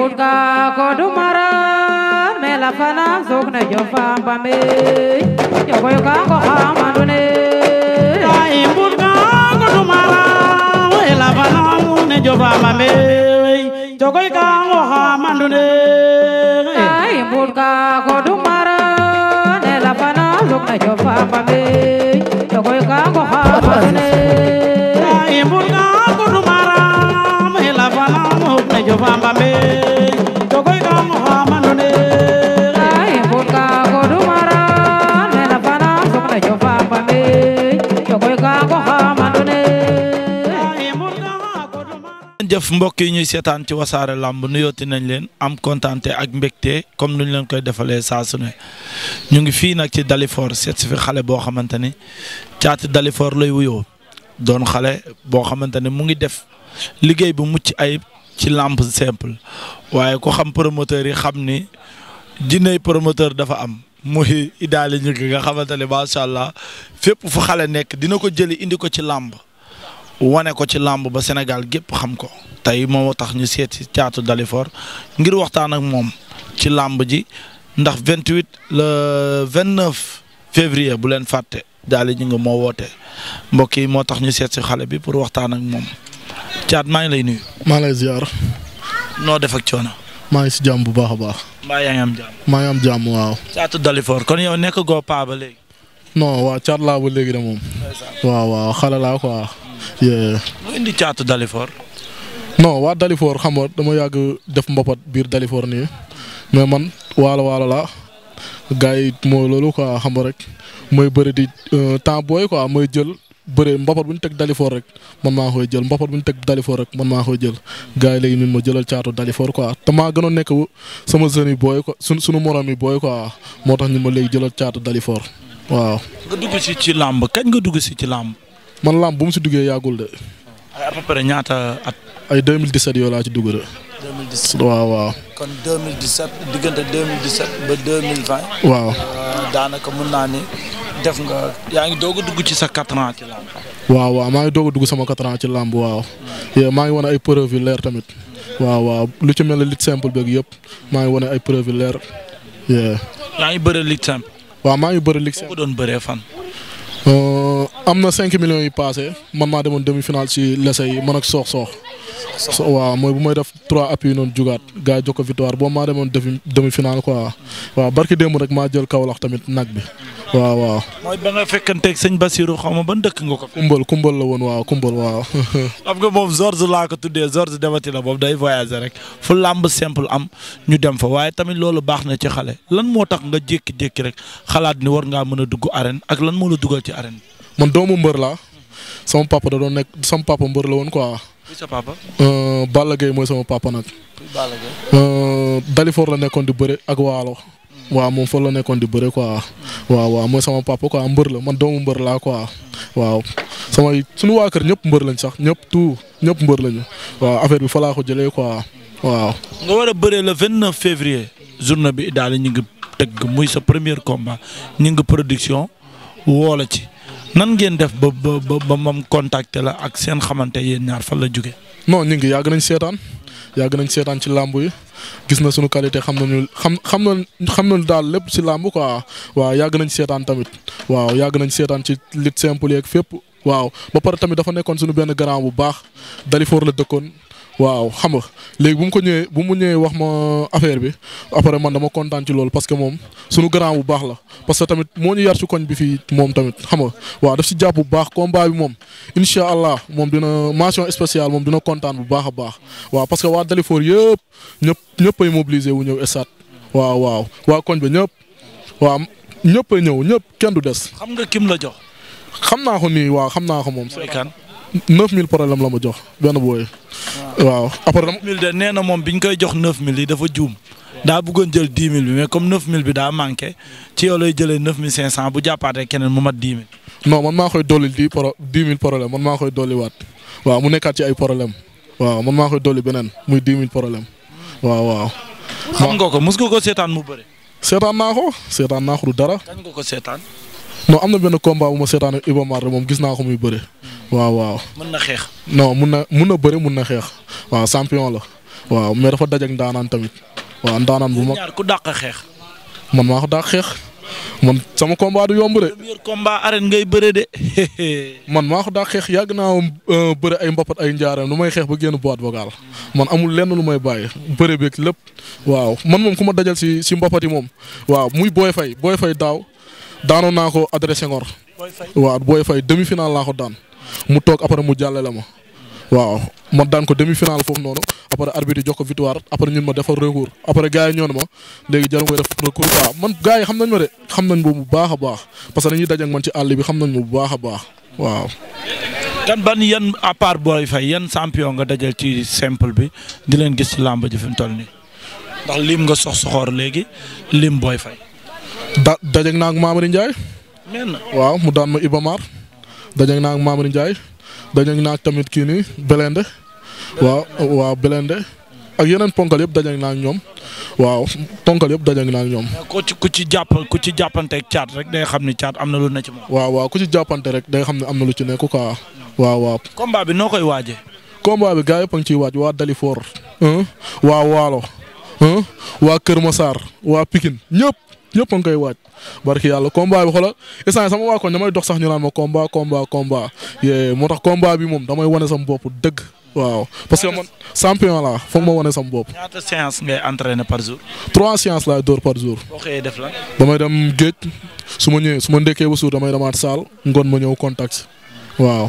Buut ka ko du mara me la fana sok ne jo fam pambe jo koyo ka ko amanu ne ai buut ka ko du mara me la fana ne jo fam pambe jo koyo ka ko amanu ne ai buut ka ko du mara me la fana sok ne jo fam pambe jo koyo ka ko amanu ne ai buut ka ko du mara me la fana sok ne jo fam pambe jëf mbokk yi ñuy seetaan ci wasaare làmb nuyooti nañ leen am kontaan ak mbégte comme nuñ leen koy defalee saa ñu ngi fii nag ci Dalifort seet si fi xale boo xamante ni caati Dalifort lay wuyoo doon xale boo xamante ne mu ngi def liggéey bu mucc ayib ci làmb simple waaye ku xam promoteur yi xam ni jiney promoteur dafa am. muy idaali ñu ngi nga xamante ne macha allah fépp fu xale nekk dina ko jëli indi ko ci làmb wane ko ci làmb ba Sénégal gépp xam ko tey moo tax ñu seet seeti Thiatou Dalifort ngir waxtaan ak moom ci làmb ji ndax 28 le 29 février bu leen fàtte daal ñu ngi moo woote mbokk yi moo tax ñu seet si xale bi pour waxtaan ak moom Thiat maa ngi lay nuyu. maa ngi lay ziar. noo def ak coono. maa ngi si jàmm bu baax a baax. mbaa yaa ngi am jàmm. maa ngi am waaw. Thiatou Dalifort kon yow nekk goo paa ba léegi. non waa Thiat laa léegi de moom. waaw waaw xale laa quoi. mu indi caatu Dalifor. non waa Dalifor xam dama yàgg def mbapat biir Dalifor nii mais man waalo waalo laa gaa yi mooy loolu ko xam nga rek mooy bëri di euh, temps booy ko quoi mooy jël. bëre mbapat bu ñu teg dalifoor rek man maa koy jël mbapat bu ñu teg Dalifor rek man maa koy jël gars yi léegi ñun ma jëlal caatu Dalifor quoi te maa gënoon nekk sama jeune yi booy ko sunu suñu morom yi booy quoi moo tax ñun ma léegi jëlal caatu Dalifor waaw. kañ nga dugg si ci làmb. man làmb bu mu si duggee yàggul de. ay à peu près ñaata at. laa ci dugg de. 2017 waaw waaw. kon 2017 diggante 2017 ba 2020. waaw euh, daanaka mën naa ni def nga. yaa ngi doog a dugg ci sa 4 ans ci làmb. waaw waaw maa ngi doog a dugg sama 4 ans ci làmb waaw. Hmm. maa ngi wane ay preuve leer tamit. waaw waaw lu ci mel ne lutte simple beeg yëpp maa ngi wone ay preuve yu leer. yaa ngi bëri lutte simple. waaw maa ngi bëri lutte simple. ko doon bëree fan. Euh, am na 5 millions yi paase man maa demoon demi-finale ci lese yi man ak Sokh Sokh so waaw mooy bu may def trois appuis noonu jugaat gars jox ko victoire boo maa demoon demi finale quoi waaw barki démb rek maa jël Kaolack tamit nag bi waaw waaw. mooy ba nga fekkanteeg sëñ Basirou xaw ma ban dëkk nga ko. Kumbal Kumbal la woon waaw Kumbal waaw. xam nga moom Georges laa ko tuddee Georges demati la boobu day voyager rek fu làmb simple am ñu dem fa waaye tamit loolu baax na ci xale lan moo tax nga jékki-jékki rek xalaat ni war ngaa mën a dugg arène ak lan moo la dugal ci arène. man doomu mbër laa sama papa da doon nekk sama papa mbër la woon quoi. muy sa papa. Euh, Balla Gaye mooy sama papa nag. Balla Gaye. Euh, la nekkoon di bëre ak waalo. Mm. waaw moom fa la nekkoon di bëre quoi. Mm. waaw waaw mooy sama papa quoi mbër la man doomu mbër laa quoi. waaw samay su waa kër ñëpp mbër lañ sax ñëpp tout ñëpp mbër lañu. waaw affaire bi fa laa ko jëlee waaw. nga war a bëree le février. journée bi daal ñu ngi tëgg muy sa premier combat ñu ngi production woo ci. nan ngeen def ba ba ba moom contacté la ak seen xamante yéen ñaar fan la jóge non ñu ngi yàgg nañ seetaan yàgg nañ seetaan ci làmbu yi gis na suñu qualité xam nañu xam xam nañ xam nañ daal lépp si làmb quoi waaw yàgg nañ seetaan tamit waaw yàgg nañ seetaan ci lit simple yeeg fépp waaw ba pare tamit dafa nekkoon suñu benn grand bu baax foor la dëkkoon. waaw xam nga léegi bu mu ko ñëwee bu mu ñëwee wax ma affaire bi après man dama kontaan ci loolu parce que moom suñu grand bu baax la parce que tamit moo ñu yar ci koñ bi fii moom tamit xam nga waaw daf si jàpp bu baax combat bi moom incha allah moom dina mention spéciale moom dina kontaan bu baax a baax waaw parce que waa Dalifort yëpp ñëpp ñëpp ay mobilisé wu ñëw stade waaw waaw waa koñ ba ñëpp waaw ñëpp ay ñëw ñëpp kenn du des. xam nga kim la jox. xam naa ko nii waaw xam naa ko moom. 9000 problème la ma jox waaw après dama. 10 000 de nee na moom bi ñu koy jox 9000 i dafa juum. daa bëggoon jël 10 bi mais comme 9000 bi daa manqué ci yow lay jëlee 9500 bu jàppaatee keneen mu mat 10 000. non man maa koy dolli 10 pro 10 000 man maa koy dolli waat waaw mu nekkaat ci ay problème waaw man maa koy dolli beneen muy 10 000 problème waaw waaw. xam nga ko mos nga ko seetaan mu bëri. seetaan naa ko seetaan naa ko du dara. kañ nga ko seetaan. non am na benn combat bu ma seetaan ak Iba moom gis naa ko muy bëri. Hmm. waaw waaw. mën na xeex. non mun na mun na bëri mun na xeex. waaw champion la waaw mais dafa daj ak ndaanaan tamit waaw ndaanaan bu mag. ñaar ku dàq xeex. man maa ko dàq xeex man sama combat yomb de. ngay bëre de. man maa ko dàq xeex yàgg naa euh, bëre ay mbapat ay njaaram lu may xeex ba génn boîte vocale man amul lenn lu may bàyyi bëre beeg lépp waaw man moom ku ma dajal si si mbapat yi moom waaw muy booy fay booy Faye daaw daanoon naa ko adressé ngor. waaw Boy Faye demi final laa ko daan mu toog après mu la ma. waaw man daan ko demi final foofu noonu après arbitre jox ko victoire après ñun ma defal recours après gars yi ñoo ne ma léegi jarul ngay def recours man gars yi xam nañ ma de xam nañ ma bu baax a baax parce que dañuy daje ak man ci xam nañ ma bu a baax waaw. kan ban yan à part Boy Faye yan champion nga dajal ci simple bi di leen gis ci làmb ji fi mu toll nii ndax lim nga sox soxoor léegi lim booy fay da dajeeg naa ak Mamadou Ndiaye. mel na waaw mu daan ma Ibamar dajeeg naa ak Mamadou dajeeg naag tamit kii nii Belende waaw waaw Belende ak yeneen ponkal yëpp dajeeg naag ñoom waaw ponkal yëpp dajeeg naag ñoom. ku ci ku ci jàpp ku ci jàppanteeg caat rek day xam ne caat am na lu ne ci moom. waaw waaw ku ci jàppante rek day xam ne am na lu ci nekk quoi. waaw waaw. combat bi noo koy waajee. combat bi gars yëpp a ngi ciy waaj waa Dalifor. waa Waalo. waa Kër Massar waa Pikine ñëpp ñëpp a koy waaj. barki yàlla combat bi xoolal instant sama waa koñ damay dox sax ñu naan ma combat combat combat yee moo tax combat bi moom damay wane sama bopp dëgg. waaw parce que man champion la foog ma wane sama bopp. ñaata séance ngay entraîner par jour. trois séances laay dóor par jour. ok def la. damay dem géej su ma ñëwee su ma ndekkee ba suur damay demaat saal ngoon ma ñëw contact waaw.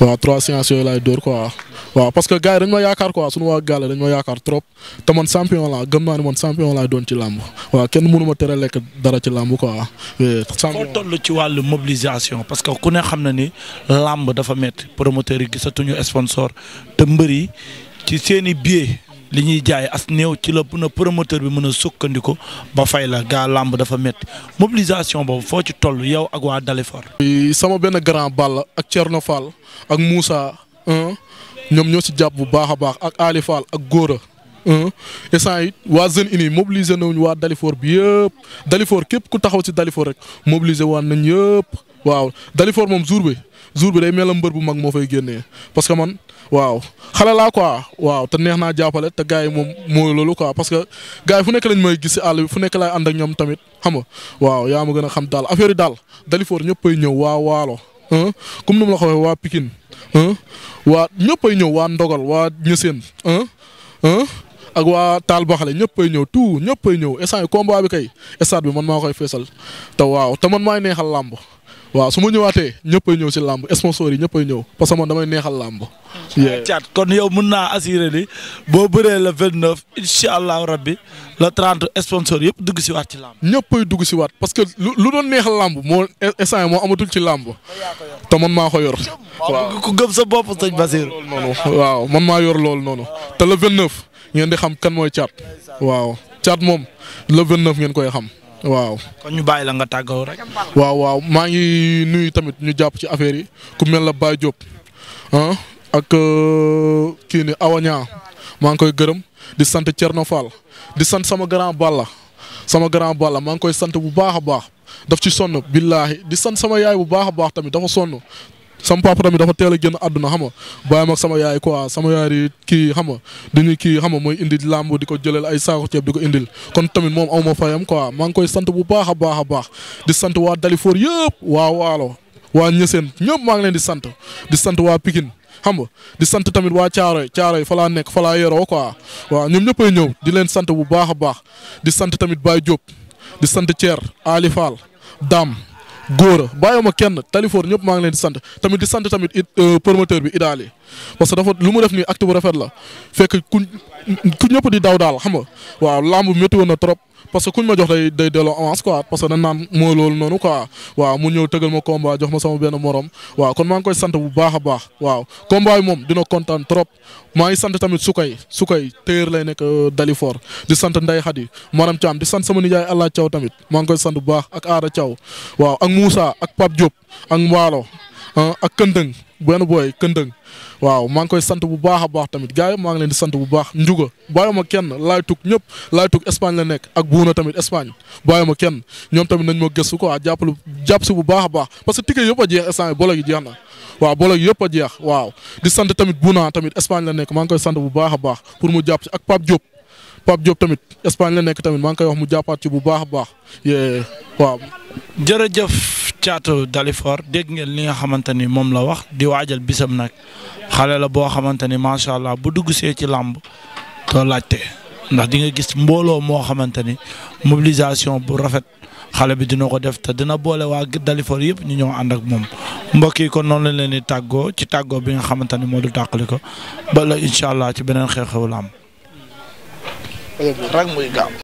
waaw trois séances yooyu laay dóor quoi waaw parce que gars yi ma yaakaar quoi suñu waa gàlle dañ ma yaakaar trop te man champion laa gëm naa ne man champion laay doon ci làmb waaw kenn mënu tere lekk dara ci làmb ko champion foo toll ci wàllu mobilisation parce que ku ne xam na ni làmb dafa métti promoteur yi gisatuñu sponsor te mbër yi ci seen i billets li ñuy jaay as néew ci la mën a promoteur bi mën a sukkandiku ba fay la gaa làmb dafa métti mobilisation boobu foo ci toll yow ak waa Dalifort. sama benn grand Balla ak Thierno Fall ak Moussa ñoom ñoo si jàpp bu baax a baax ak Ali ak Gora. instant it waa Jeunes Unis mobilisé nañu waa Dalifort bi yëpp Dalifort képp ku taxaw si Dalifort rek mobilisé waan nañ yëpp. waaw Dalifor moom jour bi jour bi day mel mbër bu mag moo fay génnee parce que man waaw xale laa quoi waaw te neex naa jàppale te gars yi moom mooy loolu quoi parce que gars yi fu nekk lañ may gis si àll bi fu nekk laay ànd ak ñoom tamit xama waaw yaa ma gën a xam daal affaire yi daal Dalifor ñëppay ñëw waa waalo comme ni ma la ko waxee waa Pikine waa ñëppay ñëw waa Ndogal waa Niassène ak waa taal baxale ñëppay ñëw tout ñëppay ñëw instant yi combat bi kay stade bi man maa koy feesal te waaw te man maay neexal làmb waaw su ma ñëwaatee ñëppay ñëw si làmb sponsor yi ñëppay ñëw parce que man damay neexal làmb. caat kon yow mun naa assuré ni boo bëree le vingt neuf incha allahu rabbi le trente sponsor yëpp dugg si waat ci làmb. ñëppay dugg si waat parce que lu lu doon neexal làmb moo instant moo amatul ci làmb. te man maa ko yor. waaw ku gëm sa bopp sëñ Basir. waaw man maa yor loolu noonu. te le vingt neuf ngeen di xam kan mooy caat. waaw caat moom le vingt neuf ngeen koy xam. waaw ñu bàyyi la nga tàggoo rek. waaw waaw maa ngi nuy tamit ñu jàpp ci affaire yi ku mel na Baye Diop ah ak euh, kii ni Awaña maa ngi koy gërëm di sant Thierno Fall di sant sama grand Balla sama grand Balla maa ngi koy sant bu baax a baax daf ci sonn billaahi di sant sama yaay bu baax a baax tamit dafa sonn sama papa tamit dafa teel a génn àdduna xam nga bàyyam ak sama yaay quoi sama yaay kii xam di dañuy kii xam nga mooy indi làmb di ko jëleel ay saako ceeb di ko indil kon tamit moom aw ma fayam quoi maa ngi koy sant bu baax a baax a baax di sant waa Dalifor yëpp waa Waalo waa Niassène ñëpp maa ngi leen di sant di sant waa Pikine xam nga di sant tamit waa Caaroy Caaroy fa laa nekk fa laa yoroo quoi waaw ñoom ñëppay ñëw di leen sant bu baax a baax di sant tamit Baye Diop di sant Thier Ali Fall góor a ma kenn Talifor ñëpp maa ngi leen di sant tamit di sant tamit it euh, promoteur bi Idaali parce que dafa lu mu def ni acte bu rafet la fekk ku ku ñëpp di daw daal xam nga waaw lamb métti woon na trop. parce que kuñ ma jox day day delloo avance quoi parce que dañ naan mooy loolu noonu quoi waaw mu ñëw tëgal ma combat jox ma sama benn moroom waaw kon maa ngi koy sant bu baax a baax waaw combat yi moom dina kontaan trop maa ngi sant tamit sukay sukay téer lay nekk euh, Dalifor di sant Ndeye Khady maanaam Thiam di sant sama nijaay Allah Thiaw tamit maa ngi koy sant bu baax ak Aada Thiaw waaw ak Moussa ak Pape Diop ak Mbaalo Ah, ak këndëng benn booy këndëng waaw maa ngi koy sant bu baax a baax tamit gars yi maa ngi leen di sant bu baax njuga bàyyuma kenn laay tug ñëpp laay tug Espagne la nekk ak buuna tamit Espagne bàyyuma kenn ñoom tamit nañ ma gëstu quoi jàppalu jàpp si bu baax a baax parce que ticket yëpp a jeex instant yi bolo gi jeex na waaw bolo gi yëpp a jeex waaw di sant tamit Espagne la nekk maa ngi koy sant bu baax a baax pour mu jàpp si ak Pape Diop tamit Espagne la nekk tamit maa ngi koy wax mu jàppaat ci bu baax a baax waaw caatu Dalifort dégg ngeen li nga xamante ni moom la wax di waajal bisam nag xale la boo xamante ni macha allah bu dugg see ci làmb doo laajte ndax di nga gis mbooloo moo xamante ni mobilisation bu rafet xale bi dina ko def te dina boole waa dalifoor yëpp ñu ñëw ànd ak moom. mbokk yi kon noonu lañ leen di tàggoo ci tàggoo bi nga xamante ni moo du tàqali ko bala la allah ci beneen xew-xewu làmb